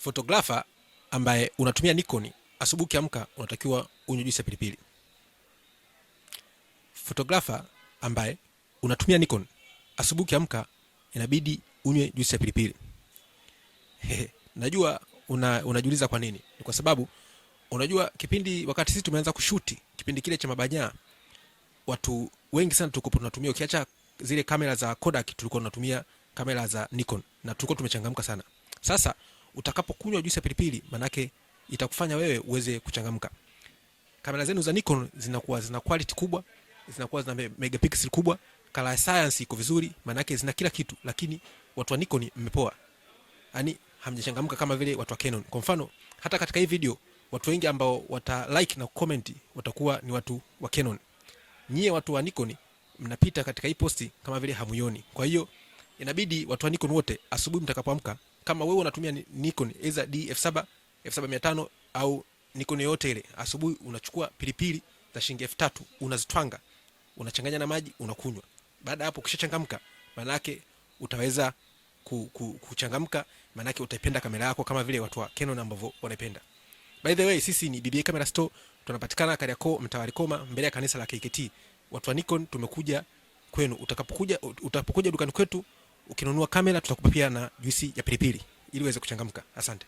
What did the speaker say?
fotografa ambaye unatumia Nikon, asubuhi ukiamka unatakiwa unywe juisi ya pilipili. Fotografa ambaye unatumia Nikon, asubuhi ukiamka inabidi unywe juisi ya pilipili. Najua una, unajiuliza kwa nini? Ni kwa sababu unajua kipindi wakati sisi tumeanza kushuti kipindi kile cha mabanya, watu wengi sana tulikuwa tunatumia, ukiacha zile kamera za Kodak, tulikuwa tunatumia kamera za Nikon na tulikuwa tumechangamka sana. Sasa utakapokunywa juisi ya pilipili, manake itakufanya wewe uweze kuchangamka. Kamera zenu za Nikon zinakuwa zina quality kubwa, zinakuwa zina megapixel kubwa, color science iko vizuri, manake zina kila kitu, lakini watu wa Nikon mmepoa, yani hamjachangamka kama vile watu wa Canon. Kwa mfano hata katika hii video watu wengi ambao wata like na comment watakuwa ni watu wa Canon. Nyie watu wa Nikon mnapita katika hii posti kama vile hamuioni. Kwa hiyo inabidi watu wa Nikon wote asubuhi mtakapoamka kama wewe unatumia Nikon eza D F7 F7500 au Nikon yoyote ile, asubuhi unachukua pilipili za shilingi 3000 unazitwanga, unachanganya na maji unakunywa. Baada hapo ukishachangamka, maana yake utaweza kuchangamka, maana yake utaipenda kamera yako kama vile watu wa Canon ambao wanaipenda. By the way, sisi ni BBA Camera Store, tunapatikana Kariakoo Mtawalikoma, mbele ya kanisa la KKT. Watu wa Nikon tumekuja kwenu, utakapokuja utapokuja dukani kwetu ukinunua kamera tutakupa pia na juisi ya pilipili ili uweze kuchangamka. Asante.